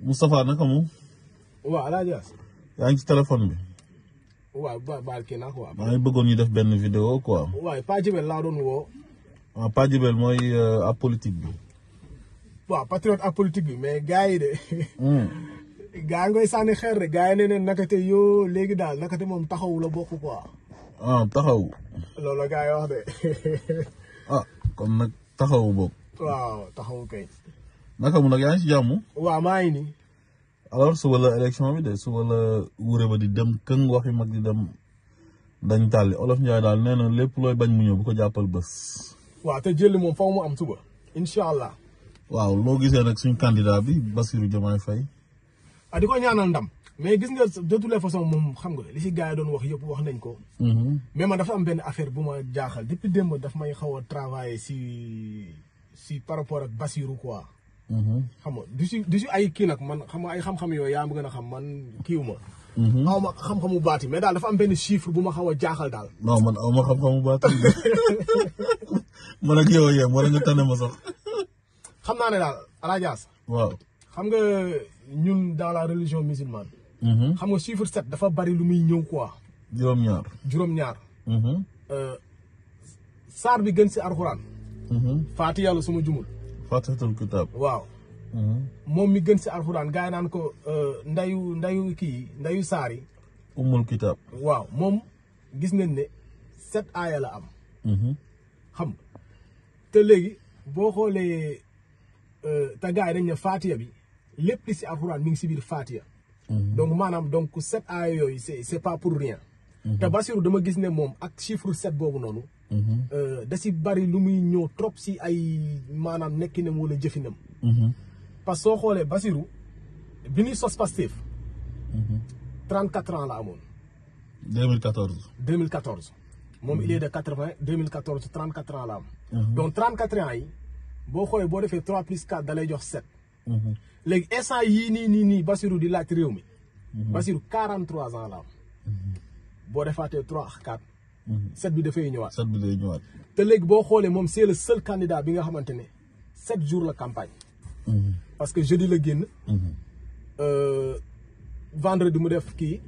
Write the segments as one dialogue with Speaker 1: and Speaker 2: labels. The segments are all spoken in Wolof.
Speaker 1: Moustapha naka moom.
Speaker 2: waaw alaaji as.
Speaker 1: yaa ngi ci téléphone bi.
Speaker 2: waaw ba baal kii naa quoi. maa
Speaker 1: ngi bëggoon ñu def benn vidéo quoi.
Speaker 2: waaye Pa Jibel laa doon woo.
Speaker 1: waaw ah, Pa Jibel mooy euh, ab politique bi.
Speaker 2: waaw patriote ab politique bi mais gars yi de. Hmm. gaa yi ngay sànni xeer de gars yi ne ne nakate yoo léegi daal nakate moom taxawu la bokk quoi. ah taxaw. loolu la gars yi wax de. ah
Speaker 1: kon nag taxawu bokk.
Speaker 2: waaw taxawu kay.
Speaker 1: naka mu nak yaa ci si wa waaw ni alors su wala election bi de su wala wure ba di dem keng waxi mag di dem dañ tàlli olof Ndiaye dal neena lepp loy bañ mu ñew bu ko jappal bëss
Speaker 2: wa te jël moom faw mu am suba. inshallah wa lo loo
Speaker 1: gisee ya nag suñu candidat bi Bassirou Diomaye fay
Speaker 2: a di ñaanal ndam. mais gis nga de toutes les façons xam nga li si gaay doon wax yëpp wax nañ ko. mais mhm. ma dafa am ben affaire bu ma jaaxal depuis démb daf may xawa travailler si si par rapport ak Bassirou quoi. Mm-hmm. xam nga du si du ay kii nag man xam nga ay xam-xam yooyu yaa ma gën a xam man kiiw ma. Mm-hmm. aw ma xam-xamu baati mais daal dafa am benn chiffre bu ma xaw a jaaxal daal.
Speaker 1: non man aw ma xam-xamu baati man ak yow yem wala nga tànn ma sax.
Speaker 2: xam naa ne daal Alaajaas. waaw xam nga ñun dans la religion musulmane. Mm-hmm. xam nga chiffre sept dafa bari lu muy ñëw quoi. juróom-ñaar juróom-ñaar. Euh, saar bi gën si alxuraan. faati yàlla suma jumul. faatihatul kitaab waaw mm-hmm. moom mi gën si alxuraan gaa yi naan ko euh, ndayu ndayu kii ndayu saar yi kitaab waaw moom gis nañ ne sept aaya la am mm-hmm. xam te léegi boo xoolee euh, te gaa yi dañ ne faatiya bi lépp li si alxuraan mi ngi si biir faatiya mm-hmm. donc maanaam donc sept aaya yooyu c'est c'est pas pour rien te Basiru dama gis ne moom ak chiffre sept boobu noonu Mm-hmm. Euh, da si bari lu muy ñëw trop si ay maanaam nekkinam wala jëfinam. Mm-hmm. parce que soo xoolee Basirou bi ñuy sos Pastef. 34 mm-hmm. ans la amoon. 2014. 2014 moom il est de 80 2014 34 ans la am. donc 34 ans yi boo xoolee boo defee 3 plus 4 da lay jox 7. léegi instant yii nii nii nii Basirou di laaj réew mi. Basirou 43 ans la am. boo defaatee 3 ak 7 mhm. bi de ñëwaat 7 bi de c'est le seul candidat bi nga 7 jours la campagne mhm. parce que jeudi le guen mhm. euh, vendredi mu def ki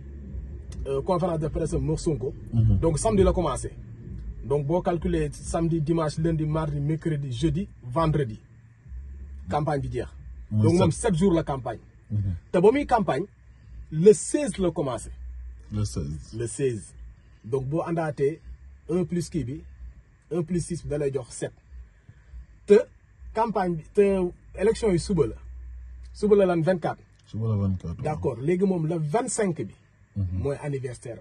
Speaker 2: euh, conférence de presse mo donc samedi la commencé donc bo calculer samedi dimanche lundi mardi mercredi jeudi vendredi campagne bi diex donc mom 7 jours la campagne té bo mi campagne le 16 a commencé le 16 le 16 donc, si vous avez 1 plus 6, 1 plus 6, vous avez 7. Et la campagne, l'élection est soubelle. Soubelle est 24. Soubelle 24. D'accord. Le 25 est mon anniversaire.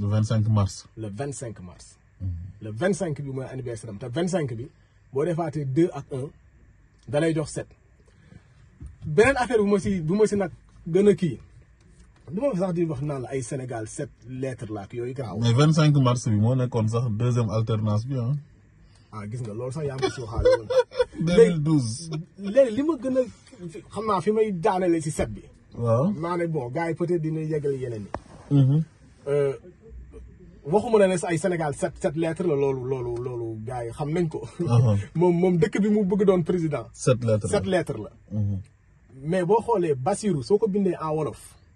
Speaker 2: Le 25 mars. Le 25 mars. -hmm. Le 25 est mon anniversaire. Le 25 est mon anniversaire. 2 à 1, vous avez 7. Une affaire, vous avez dit que vous avez dit du ma sax di wax naan la ay Sénégal sept lettres la ak yooyu garaaw. mais
Speaker 1: vingt cinq mars bi moo nekkoon sax deuxième alternance
Speaker 2: bi ah. ah gis nga loolu sax yaa ngi ko suuxaale woon. 2012 li ma gën a xam naa fi may daanale si set bi. waaw naa ne bon gars yi peut-être dina yegal yeneen yi. Mm-hmm. Euh, waxuma na ne sa ay Sénégal sept sept lettres la loolu loolu loolu yi xam nañ ko. Uh-huh. moom moom dëkk bi mu bëgg doon président. set lettres la la. Mm-hmm. mais boo xoolee Basirou soo ko bindee en wolof.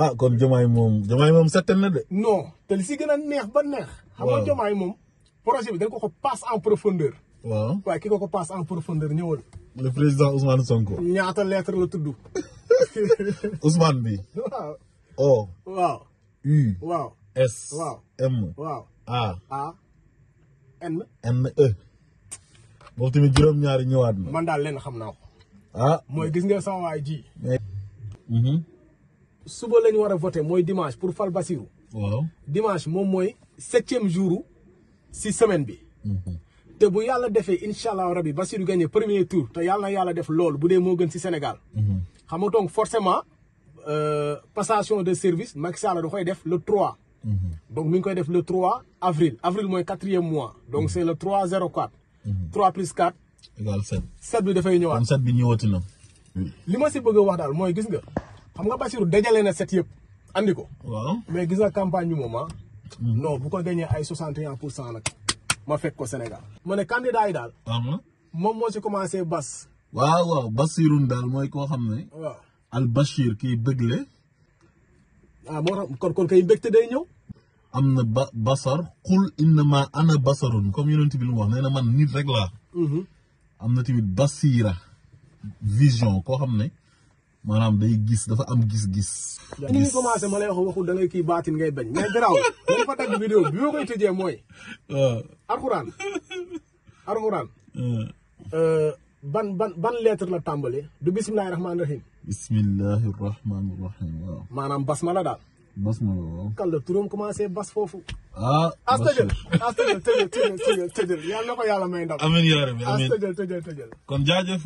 Speaker 2: ah kon jomay mom jomay mom setel na de. non te li si gëna neex ba neex. xam nga jomay mom projet bi dañ ko ko passe en profondeur. waaw waaye kiko ko passe en profondeur ñëwal. le président Ousmane Sonko. ñaata lettre la tuddu Ousmane bi. waaw O. waaw U. waaw S. waaw M. waaw A. A N. N E. mo timi
Speaker 1: juroom ñaari ñewat na.
Speaker 2: man dal leen xamna ko. ah moy gis nga sama waay ji. Mhm. si vous voulez voter a dimanche pour fal le basil. dimanche c'est le septième jour semaines. semaine bi. Mhm. te bu yàlla defee Inch'Allah, allah rabi Bassirou le premier tour te yàlla na yàlla def loolu bu dee moo gën Sénégal. Mhm. xam Sénégal. donc forcément euh, passation de service Macky Sall koy le 3. Mhm. donc mi koy le 3 avril avril le quatrième mois donc c'est le 3 0 4. 3 plus 4. égal 7. 7 bi dafay ñëwaat 7 bi ñëwaati na. li ma bëgg wax xam nga basirou dajale na set yëpp andi ko. mais gis campagne ah. hmm. non bu ko ay 61 ma fekk ko Sénégal. Je candidat yi dal mom mo ci commencé Basse, waaw waaw basirou dal moy ko xamné al Bashir qui beuglé ah mo kon kon kay
Speaker 1: day am basar qul innama ana basarun comme yonent bi lu wax man nit rek mhm. vision ko manam day gis dafa am gis gis ni ngi commencé
Speaker 2: ma lay waxu da ngay ki batine ngay bañ mais graw mo fa tag vidéo bi koy tejé moy euh ah. alquran alquran ah. euh ban ban ban lettre la tambalé du bismillahir rahmanir rahim bismillahir rahmanir rahim manam basmala dal basmala waaw turum commencé bas fofu ah, ah astajel astajel tejel tejel tejel yalla ko yalla may ndam amin ya rabbi amin astajel tejel tejel
Speaker 1: kon jaajeuf